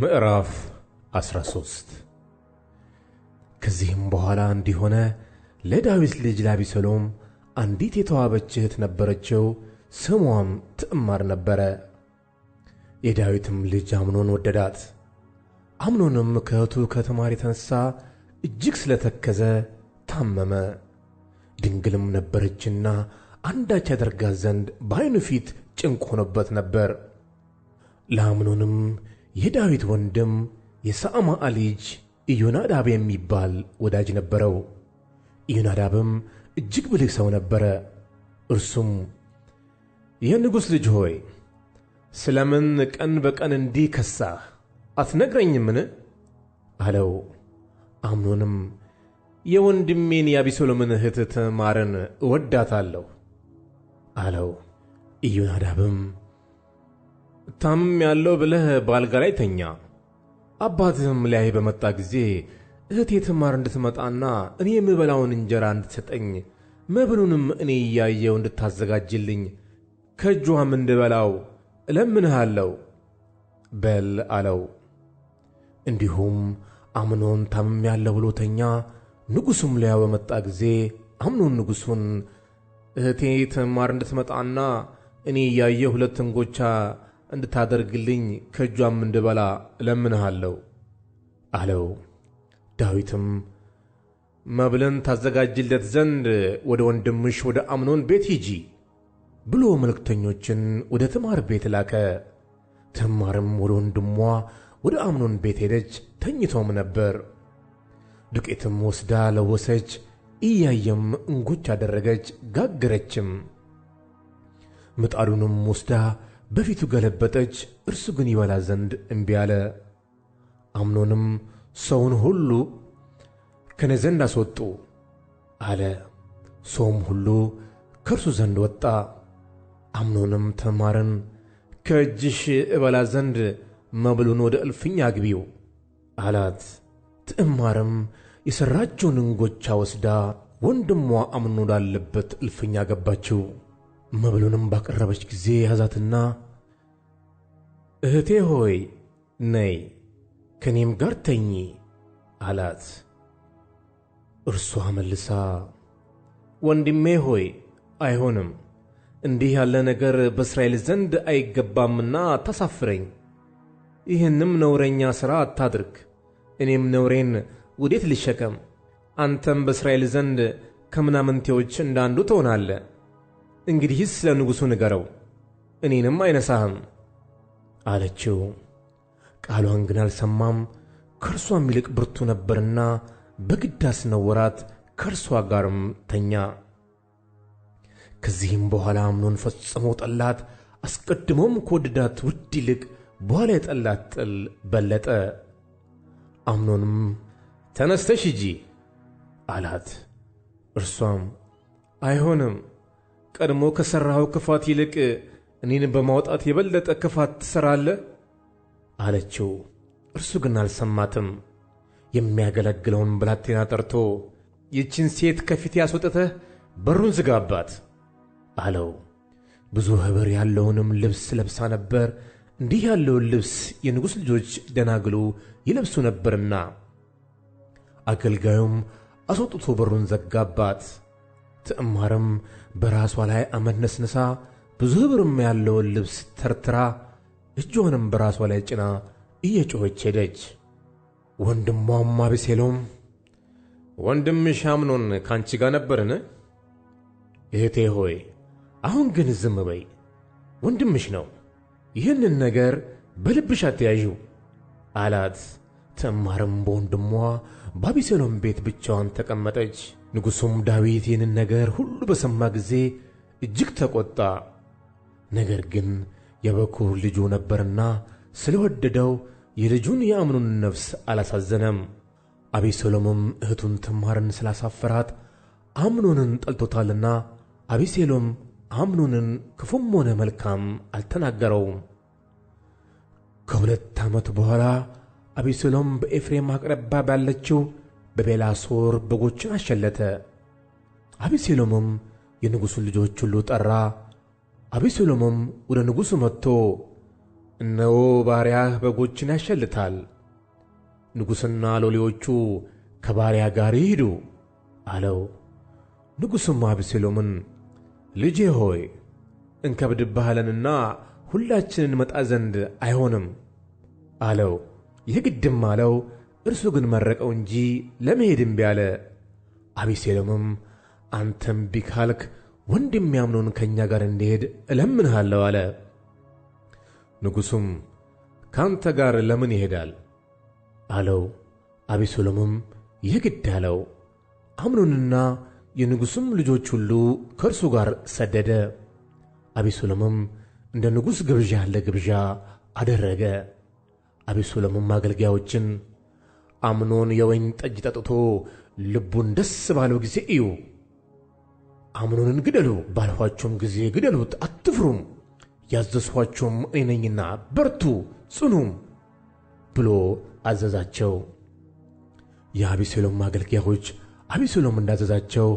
ምዕራፍ 13 ከዚህም በኋላ እንዲሆነ ለዳዊት ልጅ ለአቤሴሎም አንዲት የተዋበች እህት ነበረችው፣ ስሟም ትዕማር ነበረ። የዳዊትም ልጅ አምኖን ወደዳት። አምኖንም ከእኅቱ ከትዕማር የተነሣ እጅግ ስለተከዘ ታመመ። ድንግልም ነበረችና አንዳች ያደርጋት ዘንድ በዓይኑ ፊት ጭንቅ ሆኖበት ነበር። ለአምኖንም የዳዊት ወንድም የሳዕማ ልጅ ኢዮናዳብ የሚባል ወዳጅ ነበረው። ኢዮናዳብም እጅግ ብልህ ሰው ነበረ። እርሱም የንጉሥ ልጅ ሆይ ስለምን ቀን በቀን እንዲህ ከሳህ አትነግረኝምን? አለው። አምኖንም የወንድሜን የአቢሶሎምን እህት ትዕማርን እወዳታለሁ አለው። ኢዮናዳብም ታምም ያለው ብለህ በአልጋ ላይ ተኛ። አባትህም ሊያይ በመጣ ጊዜ እህቴ ትማር እንድትመጣና እኔ የምበላውን እንጀራ እንድትሰጠኝ መብሉንም እኔ እያየው እንድታዘጋጅልኝ ከእጇም እንድበላው እለምንሃለሁ በል አለው። እንዲሁም አምኖን ታምም ያለው ብሎ ተኛ። ንጉሡም ሊያ በመጣ ጊዜ አምኖን ንጉሡን እህቴ ትማር እንድትመጣና እኔ እያየ ሁለት እንጎቻ እንድታደርግልኝ ከእጇም እንድበላ እለምንሃለሁ አለው። ዳዊትም መብልን ታዘጋጅለት ዘንድ ወደ ወንድምሽ ወደ አምኖን ቤት ሂጂ ብሎ መልእክተኞችን ወደ ትማር ቤት ላከ። ትማርም ወደ ወንድሟ ወደ አምኖን ቤት ሄደች፣ ተኝቶም ነበር። ዱቄትም ወስዳ ለወሰች፣ እያየም እንጎች አደረገች፣ ጋገረችም። ምጣዱንም ወስዳ በፊቱ ገለበጠች። እርሱ ግን ይበላ ዘንድ እምቢ አለ። አምኖንም ሰውን ሁሉ ከእኔ ዘንድ አስወጡ አለ። ሰውም ሁሉ ከእርሱ ዘንድ ወጣ። አምኖንም ተማርን ከእጅሽ እበላ ዘንድ መብሉን ወደ እልፍኝ አግቢው አላት። ትዕማርም የሠራችውን እንጎቻ ወስዳ ወንድሟ አምኖን ወዳለበት እልፍኝ አገባችው። መብሉንም ባቀረበች ጊዜ ያዛትና እህቴ ሆይ ነይ ከእኔም ጋር ተኚ አላት። እርሷ መልሳ ወንድሜ ሆይ አይሆንም፣ እንዲህ ያለ ነገር በእስራኤል ዘንድ አይገባምና ታሳፍረኝ፣ ይህንም ነውረኛ ሥራ አታድርግ፣ እኔም ነውሬን ወዴት ልሸከም? አንተም በእስራኤል ዘንድ ከምናምንቴዎች እንዳንዱ ትሆናለህ እንግዲህስ ስለ ንጉሡ ንገረው፣ እኔንም አይነሳህም አለችው። ቃሏን ግን አልሰማም፤ ከእርሷም ይልቅ ብርቱ ነበርና በግድ አስነወራት፣ ከእርሷ ጋርም ተኛ። ከዚህም በኋላ አምኖን ፈጽሞ ጠላት፤ አስቀድሞም ከወደዳት ውድ ይልቅ በኋላ የጠላት ጥል በለጠ። አምኖንም ተነስተሽ ሂጂ አላት። እርሷም አይሆንም ቀድሞ ከሠራኸው ክፋት ይልቅ እኔን በማውጣት የበለጠ ክፋት ትሠራለህ አለችው። እርሱ ግን አልሰማትም። የሚያገለግለውን ብላቴና ጠርቶ ይችን ሴት ከፊት ያስወጠተ በሩን ዝጋባት አለው። ብዙ ኅብር ያለውንም ልብስ ለብሳ ነበር። እንዲህ ያለውን ልብስ የንጉሥ ልጆች ደናግሉ ይለብሱ ነበርና። አገልጋዩም አስወጥቶ በሩን ዘጋባት። ትዕማርም በራሷ ላይ አመድ ብዙ ኅብርም ያለውን ልብስ ተርትራ እጇንም በራሷ ላይ ጭና እየጮኸች ሄደች። ወንድሟም አቤሴሎም ወንድምሽ አምኖን ካንቺ ጋር ነበርን? እህቴ ሆይ አሁን ግን ዝም በይ፣ ወንድምሽ ነው፣ ይህንን ነገር በልብሽ አትያዢው አላት። ተማርም በወንድሟ በአቤሴሎም ቤት ብቻዋን ተቀመጠች። ንጉሡም ዳዊት ይህንን ነገር ሁሉ በሰማ ጊዜ እጅግ ተቆጣ ነገር ግን የበኩር ልጁ ነበርና ስለወደደው የልጁን የአምኑን ነፍስ አላሳዘነም። አቤሴሎምም እህቱን ትዕማርን ስላሳፈራት አምኖንን ጠልቶታልና አቤሴሎም አምኖንን ክፉም ሆነ መልካም አልተናገረውም። ከሁለት ዓመት በኋላ አቤሴሎም በኤፍሬም አቅረባ ባለችው በቤላሶር በጎችን አሸለተ። አቤሴሎምም የንጉሡን ልጆች ሁሉ ጠራ። አቤሴሎምም ወደ ንጉሡ መጥቶ እነሆ ባሪያህ በጎችን ያሸልታል፣ ንጉሥና ሎሌዎቹ ከባሪያ ጋር ይሂዱ አለው። ንጉሡም አቤሴሎምን ልጄ ሆይ እንከብድብሃለንና ሁላችን እንመጣ ዘንድ አይሆንም አለው። ይህ ግድም አለው። እርሱ ግን መረቀው እንጂ ለመሄድ እምቢ አለ። አቤሴሎምም አንተም እምቢ ካልክ ወንድም ያምኖን ከእኛ ጋር እንዲሄድ እለምንሃለሁ አለ። ንጉሡም ከአንተ ጋር ለምን ይሄዳል አለው። አቤሴሎምም ይህ ግድ አለው። አምኖንና የንጉሡም ልጆች ሁሉ ከእርሱ ጋር ሰደደ። አቤሴሎምም እንደ ንጉሥ ግብዣ ያለ ግብዣ አደረገ። አቤሴሎምም አገልጋዮችን አምኖን የወይን ጠጅ ጠጥቶ ልቡን ደስ ባለው ጊዜ እዩ፣ አምኖንን ግደሉ፣ ባልኋችሁም ጊዜ ግደሉት፣ አትፍሩም፣ ያዘዝኋችሁም እኔ ነኝና በርቱ ጽኑም ብሎ አዘዛቸው። የአቤሴሎም አገልጋዮች አቤሴሎም እንዳዘዛቸው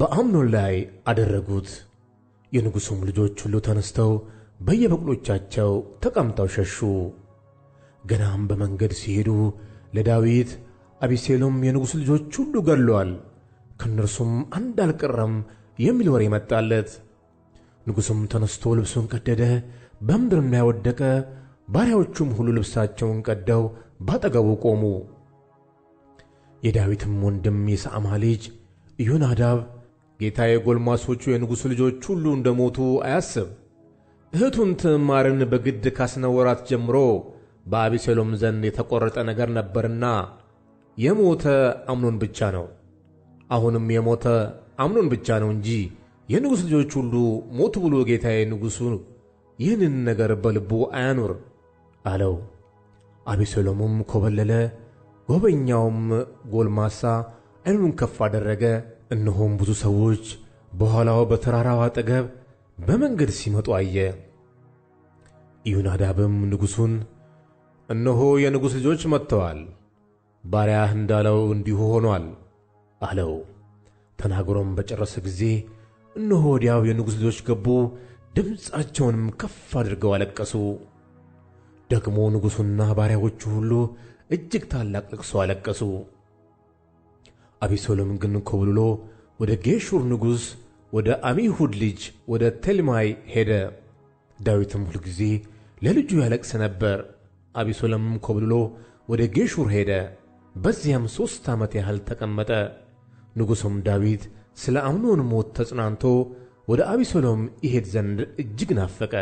በአምኖን ላይ አደረጉት። የንጉሡም ልጆች ሁሉ ተነስተው በየበቅሎቻቸው ተቀምጠው ሸሹ። ገናም በመንገድ ሲሄዱ ለዳዊት አቢሴሎም የንጉሥ ልጆች ሁሉ ገድለዋል፣ ከእነርሱም አንድ አልቀረም የሚል ወሬ መጣለት። ንጉሡም ተነሥቶ ልብሱን ቀደደ፣ በምድርም ላይ ወደቀ። ባሪያዎቹም ሁሉ ልብሳቸውን ቀደው ባጠገቡ ቆሙ። የዳዊትም ወንድም የሳዕማ ልጅ ዮናዳብ ጌታዬ ጎልማሶቹ የንጉሥ ልጆች ሁሉ እንደሞቱ አያስብ፣ እህቱን ትዕማርን በግድ ካስነወራት ጀምሮ በአቤሴሎም ዘንድ የተቆረጠ ነገር ነበርና የሞተ አምኖን ብቻ ነው። አሁንም የሞተ አምኖን ብቻ ነው እንጂ የንጉሥ ልጆች ሁሉ ሞቱ ብሎ ጌታዬ ንጉሡ ይህንን ነገር በልቡ አያኑር አለው። አቤሴሎምም ኮበለለ፣ ጎበኛውም ጎልማሳ ዓይኑን ከፍ አደረገ። እነሆም ብዙ ሰዎች በኋላው በተራራው አጠገብ በመንገድ ሲመጡ አየ። ኢዮናዳብም ንጉሡን እነሆ የንጉሥ ልጆች መጥተዋል፣ ባሪያህ እንዳለው እንዲሁ ሆኗል አለው። ተናግሮም በጨረሰ ጊዜ እነሆ ወዲያው የንጉሥ ልጆች ገቡ፣ ድምፃቸውንም ከፍ አድርገው አለቀሱ። ደግሞ ንጉሡና ባሪያዎቹ ሁሉ እጅግ ታላቅ ልቅሶ አለቀሱ። አቤሴሎም ግን ኮብልሎ ወደ ጌሹር ንጉሥ ወደ አሚሁድ ልጅ ወደ ቴልማይ ሄደ። ዳዊትም ሁልጊዜ ለልጁ ያለቅስ ነበር። አቢሶለም ኮብልሎ ወደ ጌሹር ሄደ። በዚያም ሦስት ዓመት ያህል ተቀመጠ። ንጉሡም ዳዊት ስለ አምኖን ሞት ተጽናንቶ ወደ አቢሶሎም ይሄድ ዘንድ እጅግ ናፈቀ።